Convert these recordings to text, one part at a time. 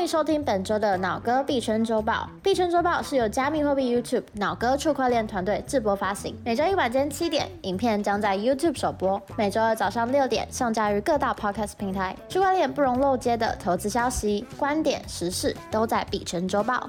歡迎收聽本週的腦哥幣圈週報。幣圈週報是由加密貨幣 YouTube 腦哥區塊鏈團隊製播發行。每週一晚間七點，影片將在 YouTube 首播；每週二早上六點，上架於各大 Podcast 平台。區塊鏈不容漏接的投資消息、觀點、時事，都在幣圈週報。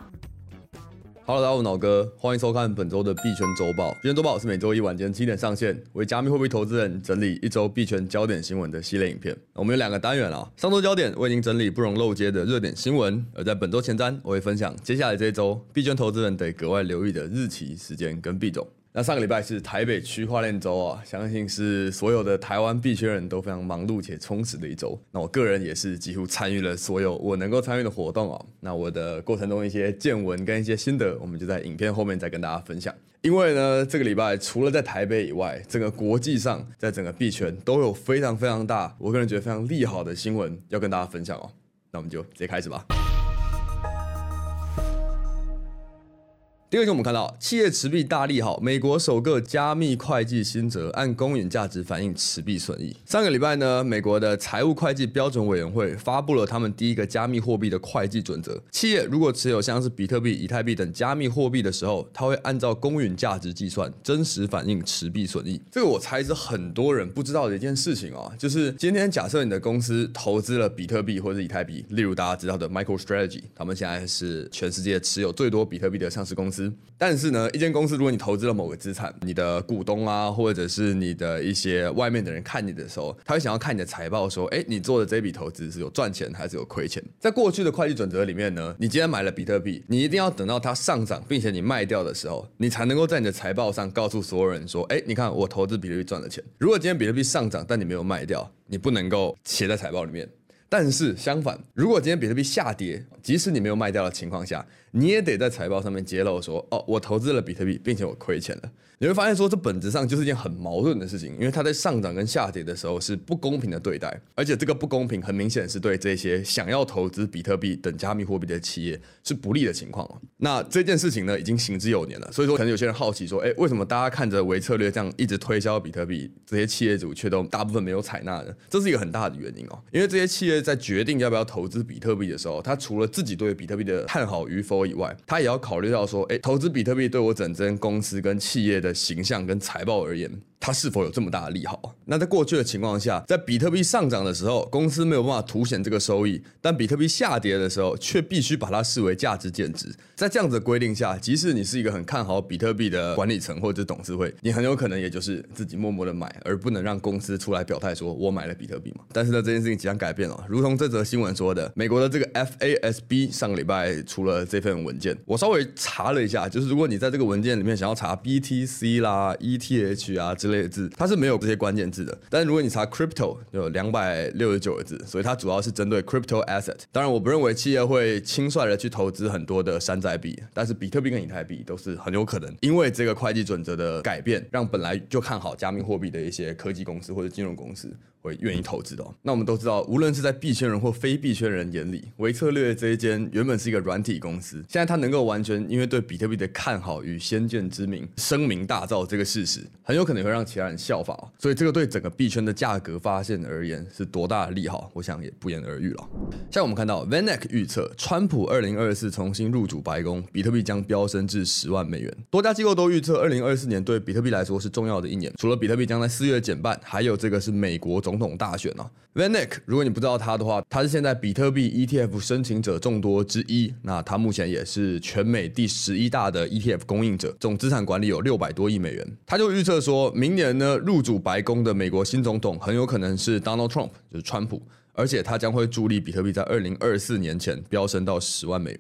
哈嘍，大家好，我是腦哥，歡迎收看本周的幣圈週報。幣圈週報是每周一晚間七點上線，為加密貨幣投資人整理一周幣圈焦點新聞的系列影片。我們有兩個單元啊，上周焦點我已經整理不容漏接的熱點新聞，而在本周前瞻，我會分享接下來這一周幣圈投資人得格外留意的日期、時間跟幣種。那上個禮拜是台北區塊鏈週啊，相信是所有的台灣幣圈人都非常忙碌且充實的一週。那我個人也是幾乎參與了所有我能夠參與的活動哦、啊。那我的過程中一些見聞跟一些心得，我們就在影片後面再跟大家分享。因為呢，這個禮拜除了在台北以外，整個國際上，在整個幣圈都有非常非常大，我個人覺得非常利好的新聞要跟大家分享哦、啊。那我們就直接開始吧。第二個我們看到，企業持幣大利好。美國首個加密會計新則，按公允價值反映持幣損益。上個禮拜呢，美國的財務會計標準委員會發布了他們第一個加密貨幣的會計準則。企業如果持有像是比特幣、以太幣等加密貨幣的時候，它會按照公允價值計算，真實反映持幣損益。這個我猜是很多人不知道的一件事情啊、哦。就是今天假設你的公司投資了比特幣或者以太幣，例如大家知道的 MicroStrategy，他們現在是全世界持有最多比特幣的上市公司。但是呢，一間公司如果你投資了某個資產，你的股東啊，或者是你的一些外面的人看你的時候，他會想要看你的財報，說，哎，你做的這筆投資是有賺錢還是有虧錢？在過去的會計準則裡面呢，你今天買了比特幣，你一定要等到它上漲，並且你賣掉的時候，你才能夠在你的財報上告訴所有人說，哎，你看我投資比特幣賺了錢。如果今天比特幣上漲，但你沒有賣掉，你不能夠寫在財報裡面。但是相反，如果今天比特幣下跌，即使你沒有賣掉的情況下，你也得在財報上面揭露說，哦，我投資了比特幣，並且我虧錢了。你會發現說，這本質上就是一件很矛盾的事情，因為它在上漲跟下跌的時候是不公平的對待，而且這個不公平很明顯是對這些想要投資比特幣等加密貨幣的企業是不利的情況。那這件事情呢，已經行之有年了，所以說可能有些人好奇說，哎、欸，為什麼大家看着微策略這樣一直推銷比特幣，這些企業主卻都大部分沒有採納呢？這是一個很大的原因哦，因為這些企業在決定要不要投資比特幣的時候，他除了自己對比特幣的看好與否，以外，他也要考慮到說，哎、欸，投資比特幣對我整間公司跟企業的形象跟財報而言，它是否有這麼大的利好？那在過去的情況下，在比特幣上漲的時候，公司沒有辦法凸顯這個收益；但比特幣下跌的時候，卻必須把它視為價值減值。在這樣子的規定下，即使你是一個很看好比特幣的管理層或者董事會，你很有可能也就是自己默默的買，而不能讓公司出來表態說“我買了比特幣”嘛。但是呢，這件事情即將改變了。如同這則新聞說的，美國的這個 FASB 上個禮拜出了這份文件，我稍微查了一下，就是如果你在這個文件裡面想要查 BTC 啦、ETH 啊之類，類的字，它是沒有這些關鍵字的。但是如果你查 crypto，有兩百六十九個字，所以它主要是針對 crypto asset。當然，我不認為企業會輕率的去投資很多的山寨幣，但是比特幣跟以太幣都是很有可能。因為這個會計準則的改變，讓本來就看好加密貨幣的一些科技公司或者金融公司會願意投資的。那我們都知道，無論是在幣圈人或非幣圈人眼裡，微策略這一間原本是一個軟體公司，現在它能夠完全因為對比特幣的看好與先見之明聲名大噪，這個事實很有可能會讓。其他人效法、哦、所以這個對整個幣圈的價格發現而言是多大的利好，我想也不言而喻了。像我們看到 VanEck 預測，川普二零二四重新入主白宮，比特幣將飆升至十萬美元。多家機構都預測，二零二四年對比特幣來說是重要的一年。除了比特幣將在四月減半，還有這個是美國總統大選哦。VanEck，如果你不知道他的話，他是現在比特幣 ETF 申請者眾多之一，那他目前也是全美第十一大的 ETF 供應者，總資產管理有六百多億美元。他就預測說，明。明年呢，入主白宮的美國新總統很有可能是 Donald Trump，就是川普，而且他將會助力比特幣在二零二四年前飆升到十萬美元。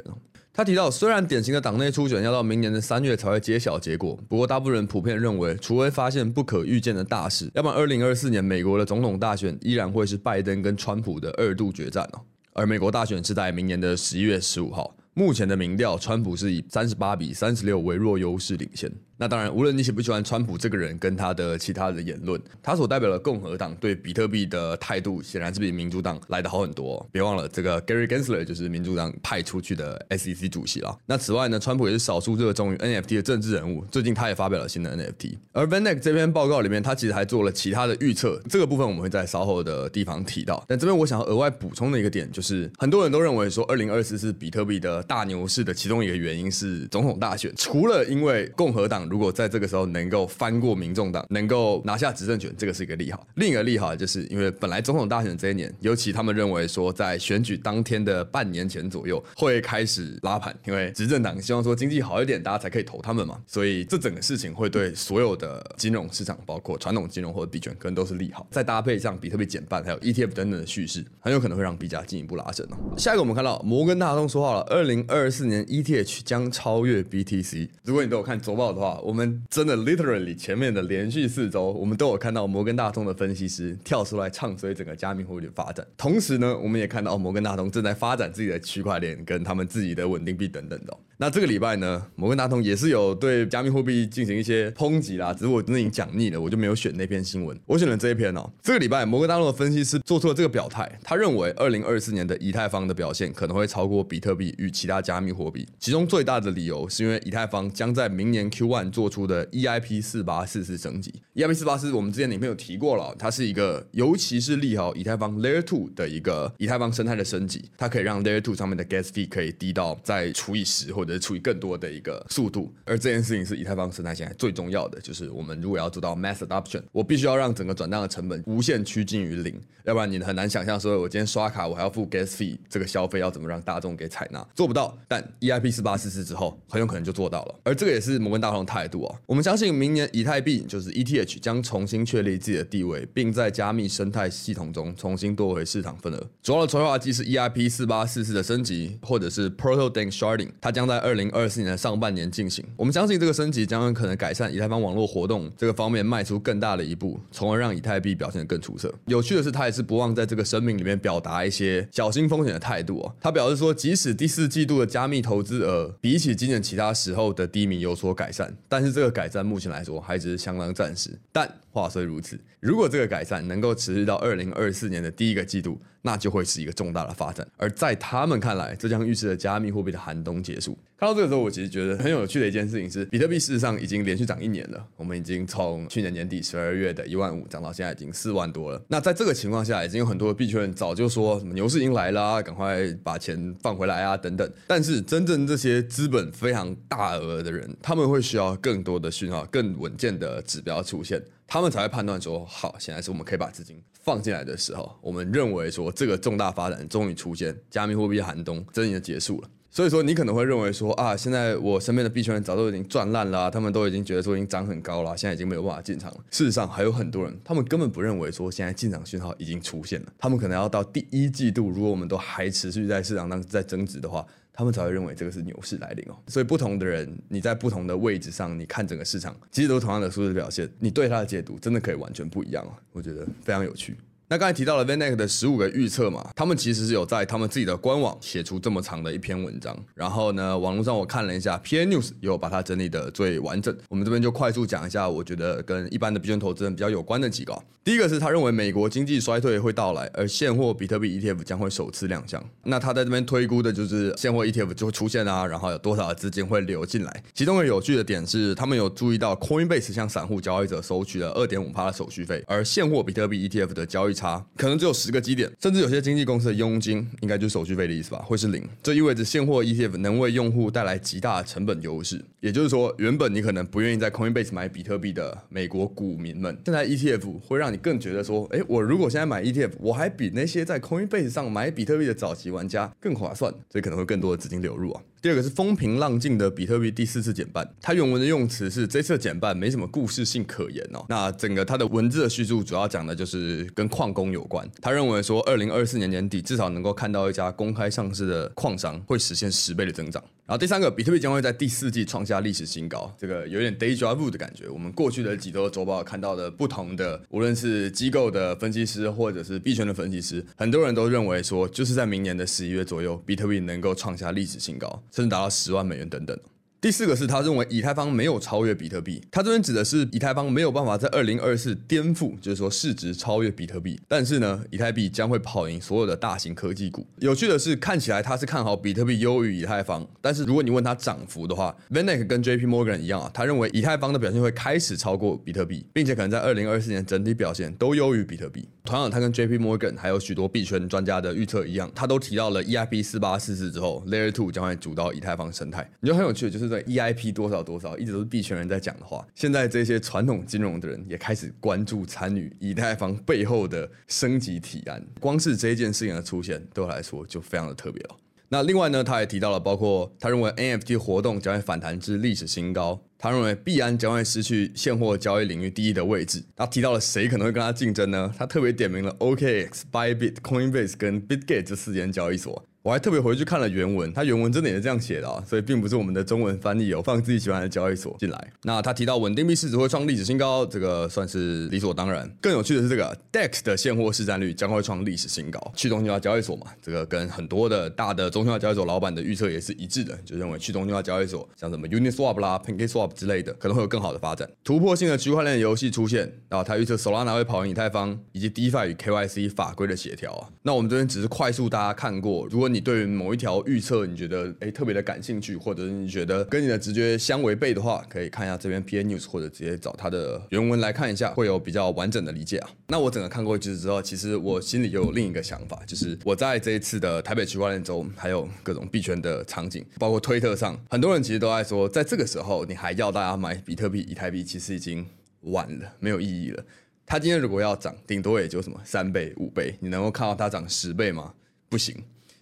他提到，雖然典型的黨內初選要到明年的三月才會揭曉結果，不過大部分人普遍認為，除非發現不可預見的大事，要不然二零二四年美國的總統大選依然會是拜登跟川普的二度決戰。而美國大選是在明年的十一月十五號，目前的民調，川普是以三十八比三十六微弱優勢領先。那當然，無論你喜不喜歡川普這個人跟他的其他的言論，他所代表的共和黨對比特幣的態度，顯然是比民主黨來的好很多哦。別忘了，這個 Gary Gensler 就是民主黨派出去的 SEC 主席了。那此外呢，川普也是少數熱衷於 NFT 的政治人物。最近他也發表了新的 NFT。而 VanEck 這篇報告裡面，他其實還做了其他的預測，這個部分我們會在稍後的地方提到。但這邊我想要額外補充的一個點，就是很多人都認為說，二零二四是比特幣的大牛市的其中一個原因是總統大選，除了因為共和黨。如果在這個時候能夠翻過民眾黨，能夠拿下執政權，這個是一個利好。另一個利好就是因為本來總統大選這一年，尤其他們認為說在選舉當天的半年前左右會開始拉盤，因為執政黨希望說經濟好一點，大家才可以投他們嘛。所以這整個事情會對所有的金融市場，包括傳統金融或者幣圈，可能都是利好。再搭配上比特幣減半，還有 ETF 等等的敘事，很有可能會讓幣價進一步拉升哦。下一個我們看到摩根大通說話了，二零二四年 ETH 將超越 BTC。如果你都有看週報的話。我們真的 literally 前面的連續四週，我們都有看到摩根大通的分析師跳出來唱衰整個加密貨幣的發展。同時呢，我們也看到摩根大通正在發展自己的區塊鏈跟他們自己的穩定幣等等的、哦。那這個禮拜呢，摩根大通也是有對加密貨幣進行一些抨擊啦。只不過真的已經講膩了，我就沒有選那篇新聞，我選了這篇哦。這個禮拜，摩根大通的分析師做出了這個表態，他認為二零二四年的以太坊的表現可能會超過比特幣與其他加密貨幣。其中最大的理由是因為以太坊將在明年 Q one 做出的 EIP 四八四四升級，EIP 四八四我們之前裡面有提過了，它是一個尤其是利好以太坊 Layer Two 的一個以太坊生態的升級，它可以讓 Layer Two 上面的 Gas Fee 可以低到再除以十或者是除以更多的一個速度，而這件事情是以太坊生態現在最重要的，就是我們如果要做到 Mass Adoption，我必須要讓整個轉賬的成本無限趨近於零，要不然你很難想象說，我今天刷卡我還要付 Gas Fee 這個消費要怎麼讓大眾給採納，做不到，但 EIP 四八四四之後很有可能就做到了，而這個也是摩根大通。態度啊，我們相信明年以太幣就是 ETH 將重新確立自己的地位，並在加密生態系統中重新奪回市場份額。主要的催化劑是 EIP 4844的升級，或者是 Proto Danksharding，它將在二零二四年的上半年進行。我們相信這個升級將可能改善以太坊網絡活動這個方面邁出更大的一步，從而讓以太幣表現得更出色。有趣的是，他也是不忘在這個聲明裡面表達一些小心風險的態度啊。他表示說，即使第四季度的加密投資額比起今年其他時候的低迷有所改善。但是這個改善目前來說還只是相當暫時。但話雖如此，如果這個改善能夠持續到二零二四年的第一個季度，那就會是一個重大的發展。而在他們看來，這將預示着加密貨幣的寒冬結束。看到這個時候，我其實覺得很有趣的一件事情是，比特幣事實上已經連續漲一年了。我們已經從去年年底十二月的一萬五漲到現在已經四萬多了。那在這個情況下，已經有很多幣圈人早就說什麼牛市已經來啦啊，趕快把錢放回來啊等等。但是真正這些資本非常大額的人，他們會需要。更多的訊號、更穩健的指標出現，他們才會判斷說：好，現在是我們可以把資金放進來的時候。我們認為說，這個重大發展終於出現，加密貨幣寒冬真的已經結束了。所以說，你可能會認為說：啊，現在我身邊的幣圈早都已經賺爛了，他們都已經覺得說已經漲很高了，現在已經沒有辦法進場了。事實上，還有很多人，他們根本不認為說現在進場訊號已經出現了，他們可能要到第一季度，如果我們都還持續在市場當中在增值的話。他們才會認為這個是牛市來臨哦，所以不同的人，你在不同的位置上，你看整個市場，其實都是同樣的數字表現，你對它的解讀真的可以完全不一樣哦，我覺得非常有趣。那剛才提到了 VanEck 的十五個預測嘛，他們其實是有在他們自己的官網寫出這麼長的一篇文章。然後呢，網絡上我看了一下，PN News 有把它整理的最完整。我們這邊就快速講一下，我覺得跟一般的幣圈投資人比較有關的幾個啊。第一個是他認為美國經濟衰退會到來，而現貨比特幣 ETF 將會首次亮相。那他在這邊推估的就是現貨 ETF 就會出現啊，然後有多少的資金會流進來。其中一個有趣的點是，他們有注意到 Coinbase 向散戶交易者收取了2.5%的手續費，而現貨比特幣 ETF 的交易。它可能只有十個基點，甚至有些經紀公司的佣金應該就是手續費的意思吧，會是零。這意味着現貨 ETF 能為用戶帶來極大的成本優勢。也就是說，原本你可能不願意在 Coinbase 買比特幣的美國股民們，現在 ETF 會讓你更覺得說，誒，我如果現在買 ETF，我還比那些在 Coinbase 上買比特幣的早期玩家更划算，所以可能會更多的資金流入啊。第二個是風平浪靜的比特幣第四次減半，它原文的用詞是，這次減半沒什麼故事性可言哦。那整個它的文字的敘述主要講的就是跟礦工有關，他認為說二零二四年年底至少能夠看到一家公開上市的礦商會實現十倍的增長。然後第三個，比特幣將會在第四季創下歷史新高，這個有點 déjà vu 的感覺。我們過去的幾周的周報看到的不同的，無論是機構的分析師或者是幣圈的分析師，很多人都認為說，就是在明年的十一月左右，比特幣能夠創下歷史新高，甚至達到十萬美元等等。第四個是他認為以太坊沒有超越比特幣，他這邊指的是以太坊沒有辦法在二零二四顛覆，就是說市值超越比特幣。但是呢，以太幣將會跑贏所有的大型科技股。有趣的是，看起來他是看好比特幣優於以太坊，但是如果你問他漲幅的話，VanEck 跟 J.P. Morgan 一樣啊，他認為以太坊的表現會開始超過比特幣，並且可能在二零二四年整體表現都優於比特幣。同樣他跟 J.P.Morgan 還有許多幣圈專家的預測一樣，他都提到了 EIP 四八四四之後，Layer Two 將會主導以太坊生態。你就很有趣，就是在 EIP 多少多少，一直都是幣圈人在講的話，現在這些傳統金融的人也開始關注參與以太坊背後的升級提案。光是這件事情的出現，對我來說就非常的特別了。那另外呢，他也提到了，包括他認為 NFT 活動將會反彈至歷史新高，他認為幣安將會失去現貨交易領域第一的位置。他提到了誰可能會跟他競爭呢？他特別點名了 OKX、Bybit、Coinbase 跟 Bitgate 這四間交易所。我還特別回去看了原文，他原文真的也是這樣寫的啊、哦，所以並不是我們的中文翻譯有、哦、放自己喜歡的交易所進來。那他提到穩定幣市值會創歷史新高，這個算是理所當然。更有趣的是這個，DEX 的現貨市佔率將會創歷史新高，去中心化交易所嘛，這個跟很多的大的中心化交易所老闆的預測也是一致的，就認為去中心化交易所像什麼 Uniswap 啦、PancakeSwap 之類的可能會有更好的發展，突破性的區塊鏈遊戲出現，然後他預測 Solana 會跑贏以太坊，以及 DeFi 與 KYC 法規的協調啊。那我們這邊只是快速大家看過，如果你對於某一條預測你覺得哎特別的感興趣，或者是你覺得跟你的直覺相違背的話，可以看一下這邊 PA News，或者直接找它的原文來看一下，會有比較完整的理解啊。那我整個看過一次之後，其實我心裡有另一個想法，就是我在這一次的台北區塊鏈周，還有各種幣圈的場景，包括推特上，很多人其實都在說，在這個時候你還要大家買比特幣、以太幣，其實已經晚了，沒有意義了。它今天如果要漲，頂多也就什麼三倍、五倍，你能夠看到它漲十倍嗎？不行。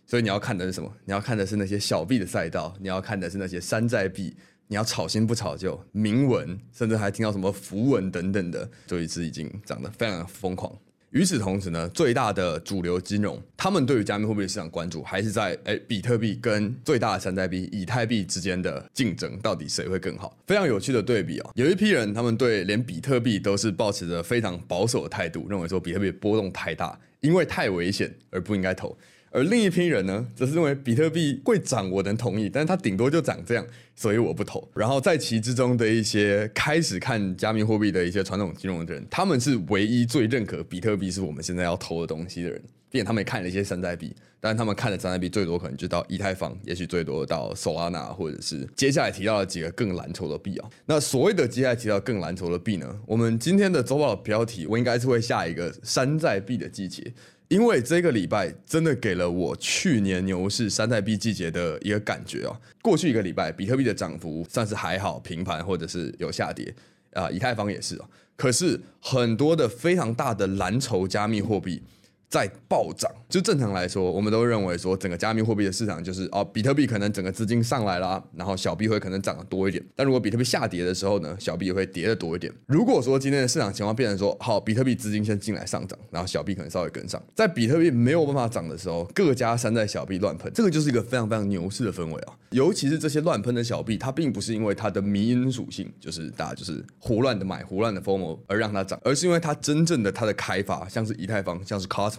所以你要看的是什麼？你要看的是那些小幣的賽道，你要看的是那些山寨幣，你要炒新不炒舊，銘文，甚至還聽到什麼符文等等的，所以是已經漲得非常瘋狂。與此同時呢，最大的主流金融，他們對於加密貨幣市場關注還是在誒比特幣跟最大的山寨幣以太幣之間的競爭，到底誰會更好？非常有趣的對比啊、哦！有一批人，他們對連比特幣都是保持着非常保守的態度，認為說比特幣波動太大，因為太危險而不應該投。而另一批人呢，則是認為比特幣會漲，我能同意，但是他頂多就漲這樣，所以我不投。然後在其之中的一些開始看加密貨幣的一些傳統金融的人，他們是唯一最認可比特幣是我們現在要投的東西的人，並且他們也看了一些山寨幣，但是他們看的山寨幣最多可能就到以太坊，也許最多到 Solana 或者是接下來提到的幾個更藍籌的幣啊、喔。那所謂的接下來提到更藍籌的幣呢？我們今天的週報標題我應該是會下一個山寨幣的季節。因為這個禮拜真的給了我去年牛市山寨幣季節的一個感覺啊、哦！過去一個禮拜，比特幣的漲幅算是還好，平盤或者是有下跌啊、呃，以太坊也是、哦、可是很多的非常大的藍籌加密貨幣。在暴漲，就正常來說，我們都認為說整個加密貨幣的市場就是啊、哦，比特幣可能整個資金上來了，然後小幣會可能漲得多一點。但如果比特幣下跌的時候呢，小幣也會跌得多一點。如果說今天的市場情況變成說好，比特幣資金先進來上漲，然後小幣可能稍微跟上，在比特幣沒有辦法漲的時候，各家山寨小幣亂噴，這個就是一個非常非常牛市的氛圍啊。尤其是這些亂噴的小幣，它並不是因為它的迷因屬性，就是大家就是胡亂的買胡亂的瘋魔而讓它漲，而是因為它真正的它的開發，像是以太坊，像是 cos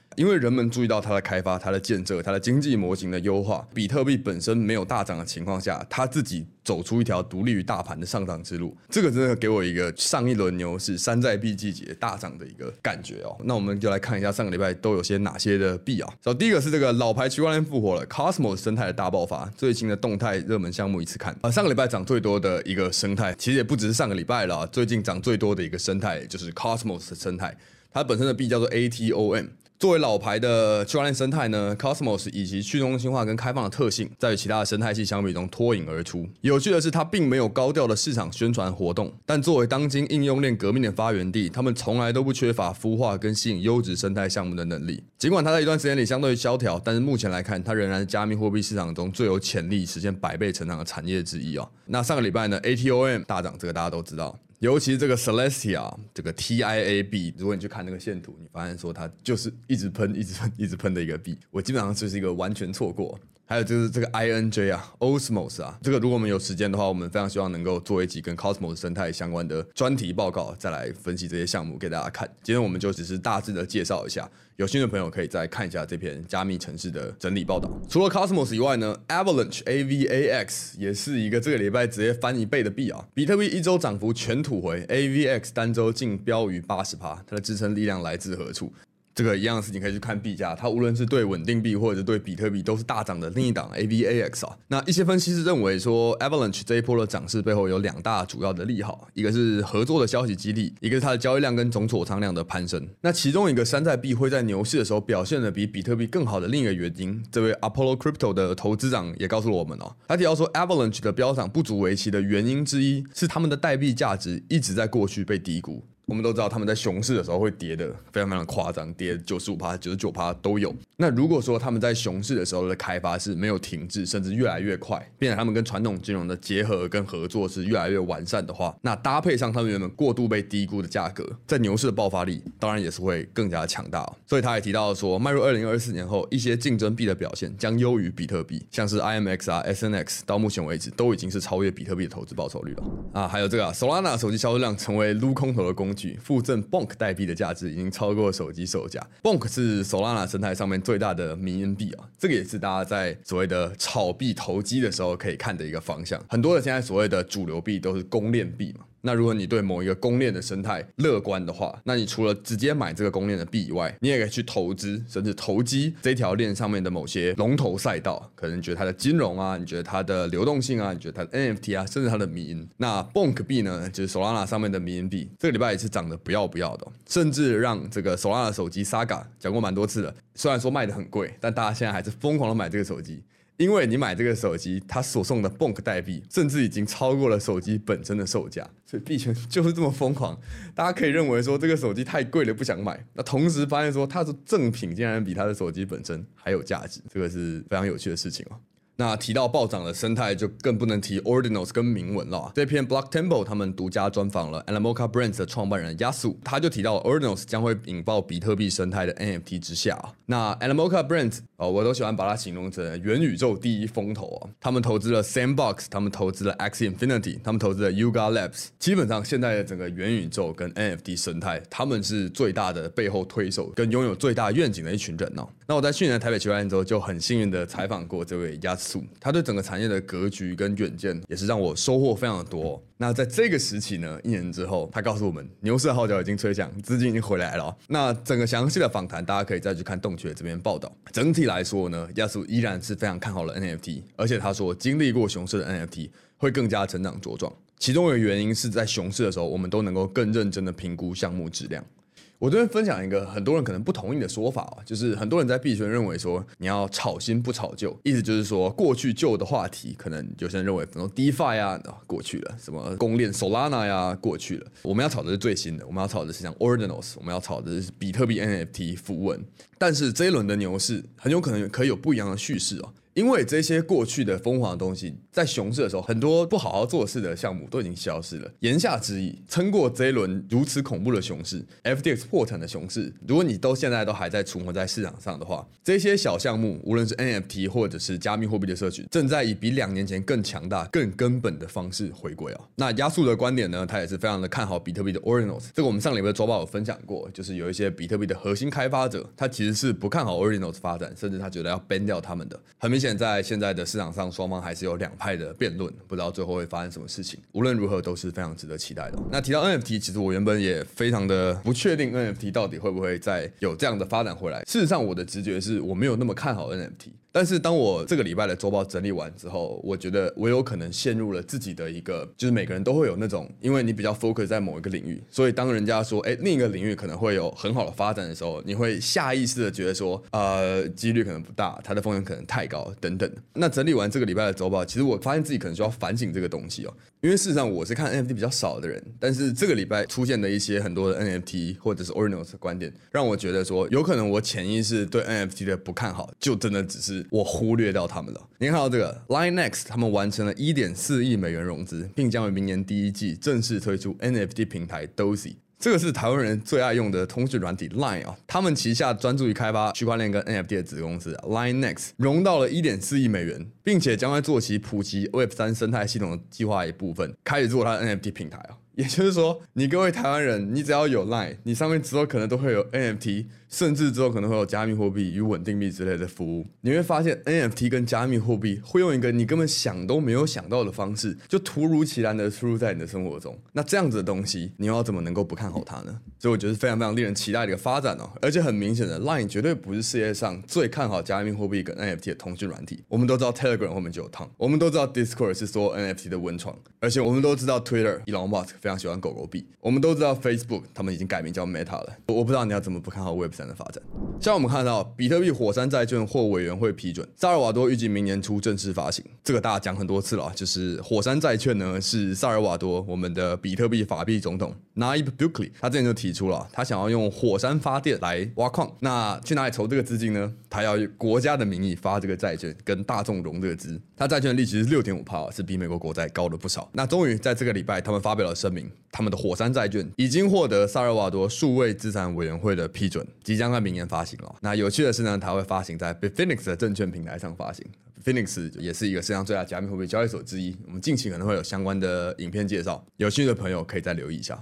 因為人們注意到它的開發、它的建設、它的經濟模型的優化，比特幣本身沒有大漲的情況下，它自己走出一條獨立於大盤的上漲之路，這個真的給我一個上一輪牛市山寨幣季節大漲的一個感覺哦。那我們就來看一下上個禮拜都有些哪些的幣啊、哦。首先第一個是這個老牌區塊鏈復活了，Cosmos 生態的大爆發，最新的動態熱門項目一次看啊、呃。上個禮拜漲最多的一個生態，其實也不只是上個禮拜了、啊，最近漲最多的一個生態就是 Cosmos 的生態，它本身的幣叫做 ATOM。作為老牌的區塊鏈生態呢，Cosmos 以及去中心化跟開放的特性，在與其他的生態系相比中脫穎而出。有趣的是，它並沒有高調的市場宣傳活動，但作為當今應用鏈革命的發源地，他們從來都不缺乏孵化跟吸引優質生態項目的能力。儘管它在一段時間裡相對於蕭條，但是目前來看，它仍然是加密貨幣市場中最有潛力實現百倍成長的產業之一哦，那上個禮拜呢，ATOM 大漲，這個大家都知道。尤其這個 Celestia，這個 TIA 幣，如果你去看那個線圖，你發現說它就是一直噴、一直噴、一直噴的一個幣，我基本上就是一個完全錯過。還有就是這個 INJ 啊，Osmos 啊，這個如果我們有時間的話，我們非常希望能夠做一集跟 Cosmos 生態相關的專題報告，再來分析這些項目給大家看。今天我們就只是大致的介紹一下，有興趣的朋友可以再看一下這篇加密城市的整理報道。除了 Cosmos 以外呢，Avalanche AVAX 也是一個這個禮拜直接翻一倍的幣啊，比特幣一周漲幅全吐回，AVAX 單周淨標於八十趴，它的支撐力量來自何處？這個一樣的事情可以去看幣價，它無論是對穩定幣或者是對比特幣都是大漲的另一檔 AVAX 啊、哦。那一些分析師認為說 Avalanche 這一波的漲勢背後有兩大主要的利好，一個是合作的消息激勵，一個是它的交易量跟總鎖倉量的攀升。那其中一個山寨幣會在牛市的時候表現得比比特幣更好的另一個原因，這位 Apollo Crypto 的投資長也告訴了我們哦，他提到說 Avalanche 的飆漲不足為奇的原因之一是他們的代幣價值一直在過去被低估。我們都知道，他們在熊市的時候會跌的非常非常誇張，跌九十五趴、九十九趴都有。那如果說他們在熊市的時候的開發是沒有停滯，甚至越來越快，並且他們跟傳統金融的結合跟合作是越來越完善的話，那搭配上他們原本過度被低估的價格，在牛市的爆發力當然也是會更加強大、哦。所以他也提到說，邁入二零二四年後，一些競爭幣的表現將優於比特幣，像是 IMX 啊、啊 SNX，到目前為止都已經是超越比特幣的投資報酬率了。啊，還有這個、啊、Solana 手機銷售量成為擼空頭的工具。附贈 Bonk 代幣的價值已經超過手機售價。Bonk 是 Solana 生態上面最大的迷因幣啊、哦，這個也是大家在所謂的炒幣投機的時候可以看的一個方向。很多的現在所謂的主流幣都是公鏈幣嘛。那如果你對某一個公鏈的生態樂觀的話，那你除了直接買這個公鏈的幣以外，你也可以去投資甚至投機這條鏈上面的某些龍頭賽道。可能覺得它的金融啊，你覺得它的流動性啊，你覺得它的 NFT 啊，甚至它的迷因。那 BONK 幣呢，就是 Solana 上面的迷因幣，這個禮拜也是漲得不要不要的，甚至讓這個 Solana 手機 Saga 講過蠻多次了，雖然說賣的很貴，但大家現在還是瘋狂的買這個手機。因為你買這個手機，它所送的 BONK 代幣甚至已經超過了手機本身的售價，所以幣圈就是這麼瘋狂。大家可以認為說這個手機太貴了，不想買，那同時發現說它的贈品竟然比它的手機本身還有價值，這個是非常有趣的事情哦。那提到暴漲的生態，就更不能提 Ordinals 跟銘文了啊。這篇 Block Tempo 他們獨家專訪了 Animoca Brands 的創辦人 Yasu，他就提到 Ordinals 將會引爆比特幣生態的 NFT 之下啊。那 Animoca Brands，哦，我都喜歡把它形容成元宇宙第一風投啊。他們投資了 Sandbox，他們投資了 Axie Infinity，他們投資了 Yuga Labs。基本上現在的整個元宇宙跟 NFT 生態，他們是最大的背後推手，跟擁有最大願景的一群人呢啊。那我在去年的台北區塊鏈週之後，就很幸運的採訪過這位亞素，他對整個產業的格局跟遠見也是讓我收穫非常的多，哦。那在這個時期呢，一年之後，他告訴我們，牛市的號角已經吹響，資金已經回來了，哦。那整個詳細的訪談，大家可以再去看洞穴這邊報道。整體來說呢，亞素依然是非常看好了 NFT，而且他說經歷過熊市的 NFT 會更加成長茁壯。其中的原因是在熊市的時候，我們都能夠更認真的評估項目質量。我這邊分享一個很多人可能不同意的說法啊，就是很多人在幣圈認為說你要炒新不炒舊，意思就是說，過去舊的話題，可能有些人認為什麼 DeFi 啊過去了，什麼公鏈 Solana 啊過去了，我們要炒的是最新的，我們要炒的是像 Ordinals，我們要炒的是比特幣 NFT 符文，但是這一輪的牛市很有可能可以有不一樣的敘事哦、喔。因為這些過去的瘋狂的東西，在熊市的時候，很多不好好做事的項目都已經消失了。言下之意，撐過這一輪如此恐怖的熊市，FTX 破產的熊市，如果你到現在都還在存活在市場上的話，這些小項目，無論是 NFT 或者是加密貨幣的社群，正在以比兩年前更強大、更根本的方式回歸哦。那壓速的觀點呢？他也是非常的看好比特幣的 Ordinals 這個我們上禮拜周報有分享過，就是有一些比特幣的核心開發者，他其實是不看好 Ordinals 發展，甚至他覺得要 ban 掉他們的。很明顯。現在現在的市場上，雙方還是有兩派的辯論，不知道最後會發生什麼事情。無論如何，都是非常值得期待的。那提到 NFT，其實我原本也非常的不確定 NFT 到底會不會再有這樣的發展回來。事實上，我的直覺是我沒有那麼看好 NFT。但是當我這個禮拜的週報整理完之後，我覺得我有可能陷入了自己的一個，就是每個人都會有那種，因為你比較 focus 在某一個領域，所以當人家說，哎，另一個領域可能會有很好的發展的時候，你會下意識的覺得說，呃，幾率可能不大，它的風險可能太高。等等。那整理完這個禮拜的週報，其實我發現自己可能需要反省這個東西哦，因為事實上我是看 NFT 比較少的人，但是這個禮拜出現的一些很多的 NFT 或者是 Ordinals 觀點，讓我覺得說有可能我潛意識對 NFT 的不看好，就真的只是我忽略掉他們了、哦。您看到這個 Line Next，他們完成了一點四億美元融資，並將於明年第一季正式推出 NFT 平台 Dosi 這個是台灣人最愛用的通訊軟體 Line 啊、哦，他們旗下專注於開發區塊鏈跟 NFT 的子公司 Line Next 融到了1.4億美元，並且將會做其普及 Web3 生態系統的計劃一部分，開始做它的 NFT 平台啊、哦。也就是說，你各位台灣人，你只要有 Line，你上面之後可能都會有 NFT。甚至之後可能會有加密貨幣與穩定幣之類的服務，你會發現 NFT 跟加密貨幣會用一個你根本想都沒有想到的方式，就突如其來的出入在你的生活中。那這樣子的東西，你又要怎麼能夠不看好它呢？所以我覺得是非常非常令人期待的一個發展哦、喔。而且很明顯的，Line 絕對不是世界上最看好加密貨幣跟 NFT 的通訊軟體。我們都知道 Telegram 後面就有 TON，我們都知道 Discord 是所有 NFT 的溫床，而且我們都知道 Twitter 伊隆馬斯克非常喜歡狗狗幣，我們都知道 Facebook 他們已經改名叫 Meta 了。我不知道你要怎麼不看好 Web。的發展。像我們看到，比特幣火山債券獲委員會批准，薩爾瓦多預計明年初正式發行。這個大家講很多次了，就是火山債券呢是薩爾瓦多我們的比特幣法幣總統 Nayib Bukele，他之前就提出了他想要用火山發電來挖礦。那去哪裡籌這個資金呢？他要以國家的名義發這個債券，跟大眾融這個資。他債券的利息是六點五帕，是比美國國債高了不少。那終於在這個禮拜，他們發表了聲明，他們的火山債券已經獲得薩爾瓦多數位資產委員會的批准。即將在明年發行了。那有趣的是呢，它會發行在 Bitfinex 的證券平台上發行。Bitfinex 也是一個世界上最大的加密貨幣交易所之一。我們近期可能會有相關的影片介紹，有興趣的朋友可以再留意一下。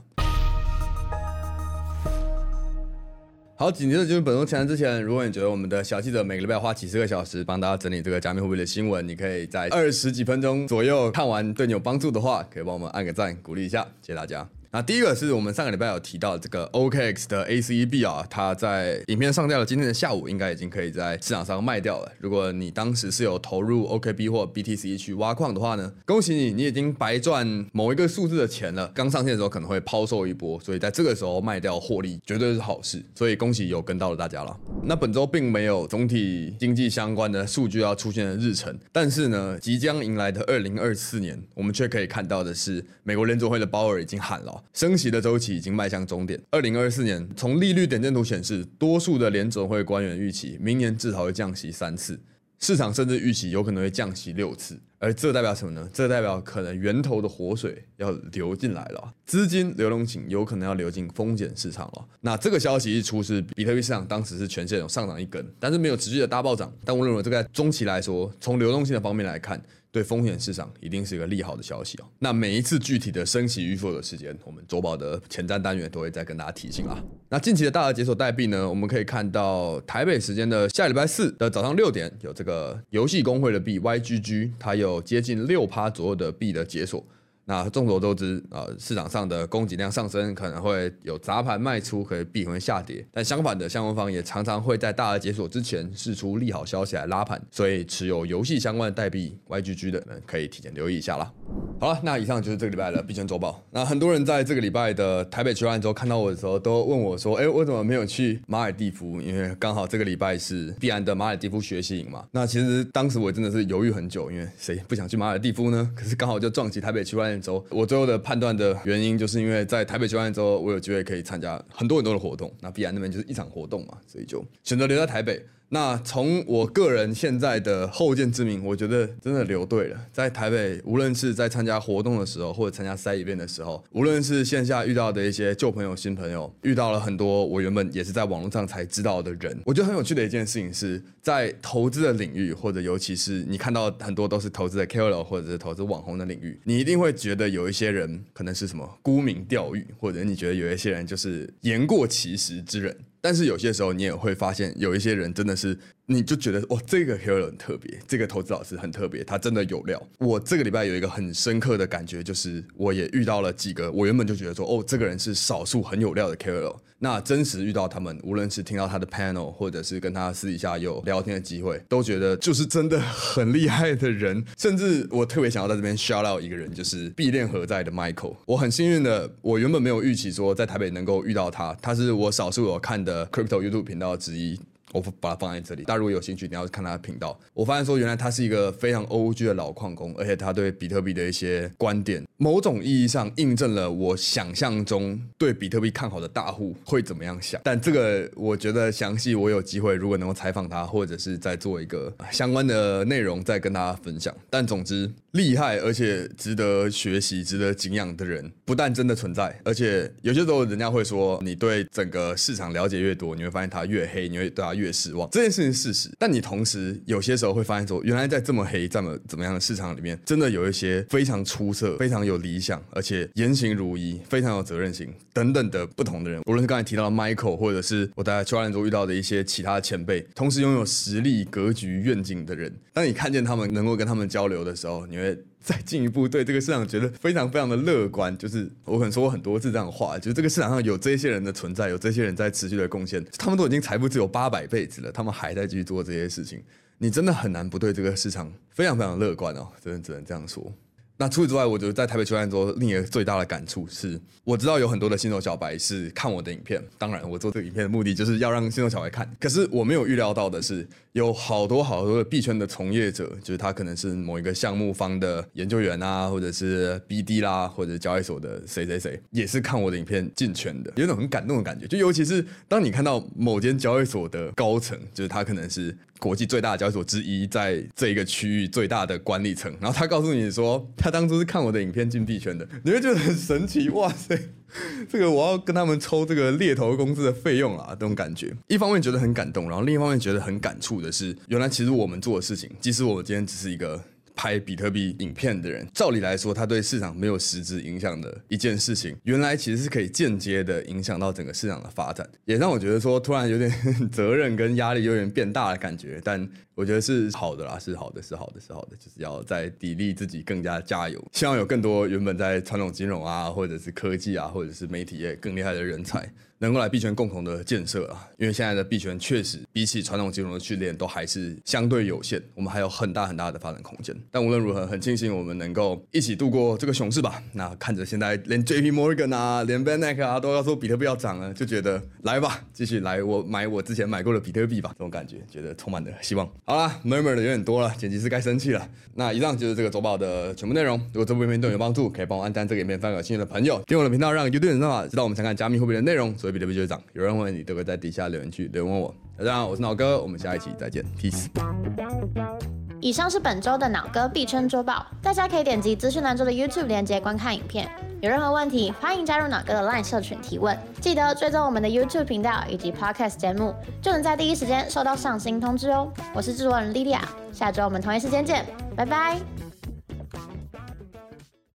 好，緊接着就是本週前瞻之前，如果你覺得我們的小記者每個禮拜花幾十個小時幫大家整理這個加密貨幣的新聞，你可以在二十幾分鐘左右看完，對你有幫助的話，可以幫我們按個讚，鼓勵一下，謝謝大家。那第一個是我們上個禮拜有提到這個 OKX 的 ACE 幣啊，它在影片上架了，今天的下午應該已經可以在市場上賣掉了。如果你當時是有投入 OKB 或 BTC 去挖礦的話呢，恭喜你，你已經白賺某一個數字的錢了。剛上線的時候可能會拋售一波，所以在這個時候賣掉獲利絕對是好事。所以恭喜有跟到了大家了。那本周並沒有總體經濟相關的數據要出現的日程，但是呢，即將迎來的二零二四年，我們卻可以看到的是，美國聯準會的鮑爾已經喊了，升息的週期已經邁向終點。二零二四年，從利率點陣圖顯示，多數的聯準會官員預期明年至少會降息三次，市場甚至預期有可能會降息六次。而這代表什麼呢？這代表可能源頭的活水要流進來了，資金流動性有可能要流進風險市場了。那這個消息一出，是比特幣市場當時是全線有上漲一根，但是沒有持續的大暴漲。但我認為這個在中期來說，從流動性的方面來看。對風險市場一定是一個利好的消息哦。那每一次具體的升息與否的時間，我們周報的前瞻單元都會再跟大家提醒啊。那近期的大額解鎖代幣呢，我們可以看到台北時間的下禮拜四的早上六點，有這個遊戲公會的幣 YGG，它有接近六趴左右的幣的解鎖。那眾所周知啊，呃，市場上的供給量上升可能會有砸盤賣出，可以避免下跌。但相反的，相關方也常常會在大額解鎖之前釋出利好消息來拉盤，所以持有遊戲相關的代幣 YGG 的人可以提前留意一下了。好了，那以上就是這個禮拜的幣圈週報。那很多人在這個禮拜的台北區塊鏈週看到我的時候，都問我說：“哎，為什麼沒有去馬爾地夫？因為剛好這個禮拜是幣安的馬爾地夫學習營嘛。”那其實當時我真的是猶豫很久，因為誰不想去馬爾地夫呢？可是剛好就撞期台北區塊鏈週，我最後的判斷的原因就是因為在台北區塊鏈週，我有機會可以參加很多很多的活動。那幣安那邊就是一場活動嘛，所以就選擇留在台北。那從我個人現在的後見之明，我覺得真的留對了。在台北，無論是在參加活動的時候，或者參加 side event 的時候，無論是線下遇到的一些舊朋友、新朋友，遇到了很多我原本也是在網絡上才知道的人。我覺得很有趣的一件事情是在投資的領域，或者尤其是你看到很多都是投資的 KOL 或者是投資網紅的領域，你一定會覺得有一些人可能是什麼沽名釣譽，或者你覺得有一些人就是言過其實之人。但是有些時候，你也會發現有一些人真的是。你就覺得哦，這個 KOL 很特別，這個投資老師很特別，他真的有料。我這個禮拜有一個很深刻的感覺，就是我也遇到了幾個我原本就覺得說哦，這個人是少數很有料的 KOL。那真實遇到他們，無論是聽到他的 panel，或者是跟他私底下有聊天的機會，都覺得就是真的很厲害的人。甚至我特別想要在這邊 shout out 一個人，就是幣鏈何在的 Michael。我很幸運的，我原本沒有預期說在台北能夠遇到他，他是我少數有看的 crypto YouTube 頻道之一。我把它放在這裡。大家如果有興趣，你要看他的頻道。我發現說，原來他是一個非常 OG 的老礦工，而且他對比特幣的一些觀點，某種意義上印證了我想象中對比特幣看好的大戶會怎麼樣想。但這個我覺得詳細，我有機會如果能夠採訪他，或者是再做一個相關的內容再跟大家分享。但總之，厲害而且值得學習、值得敬仰的人，不但真的存在，而且有些時候人家會說，你對整個市場了解越多，你會發現他越黑，你會對他越越失望，這件事情是事實。但你同時有些時候會發現說，原來在這麼黑、這麼怎麼樣的市場裡面，真的有一些非常出色、非常有理想，而且言行如一、非常有責任心等等的不同的人。無論是剛才提到的 Michael，或者是我在交流中遇到的一些其他前輩，同時擁有實力、格局、願景的人，當你看見他們能夠跟他們交流的時候，你會。再進一步對這個市場覺得非常非常的樂觀，就是我可能說過很多次這樣的話，就是這個市場上有這些人的存在，有這些人在持續的貢獻，他們都已經財富自由八百輩子了，他們還在去做這些事情，你真的很難不對這個市場非常非常樂觀哦，真的只能這樣說。那除此之外，我覺得在台北區塊鏈週另一個最大的感觸是，我知道有很多的新手小白是看我的影片。當然，我做這個影片的目的就是要讓新手小白看。可是我沒有預料到的是，有好多好多的幣圈的從業者，就是他可能是某一個項目方的研究員啊，或者是 BD 啦，或者是交易所的誰誰誰，也是看我的影片進圈的，有一種很感動的感覺。就尤其是當你看到某間交易所的高層，就是他可能是。國際最大的交易所之一，在這一個區域最大的管理層，然後他告訴你說，他當初是看我的影片進幣圈的，你會覺得很神奇，哇塞，這個我要跟他們抽這個獵頭公司的費用啦，這種感覺。一方面覺得很感動，然後另一方面覺得很感觸的是，原來其實我們做的事情，即使我們今天只是一個。拍比特幣影片的人，照理來說，他對市場沒有實質影響的一件事情，原來其實是可以間接的影響到整個市場的發展，也讓我覺得說，突然有點 責任跟壓力有點變大的感覺。但我覺得是好的啦，是好的，是好的，是好的，是好的，就是要再砥礪自己，更加加油。希望有更多原本在傳統金融啊，或者是科技啊，或者是媒體業更厲害的人才。能夠來幣圈共同的建設啊，因為現在的幣圈確實比起傳統金融的訓練都還是相對有限，我們還有很大很大的發展空間。但無論如何，很慶幸我們能夠一起度過這個熊市吧。那看着現在連 JP Morgan 啊，連 VanEck 啊都要說比特幣要漲了，就覺得來吧，繼續來我，我買我之前買過的比特幣吧。這種感覺覺得充滿了希望。好啦，murmur 的有點多了，剪輯師該生氣了。那以上就是這個週報的全部內容。如果這部影片對你有幫助，可以幫我按讚、這個影片分享給的朋友，訂閱我的頻道，讓 YouTube 知道我們想看加密貨幣的內容。所以會不會就是漲？有人問你，都會在底下留言區留言問我。大家好，我是腦哥，我們下一期再見，peace。以上是本周的腦哥幣圈周報，大家可以點擊資訊欄中的 YouTube 鏈接觀看影片。有任何問題，歡迎加入腦哥的 Line 社群提問。記得追蹤我們的 YouTube 頻道以及 Podcast 節目，就能在第一時間收到上新通知哦。我是制作人莉莉亞，下周我們同一時間見，拜拜。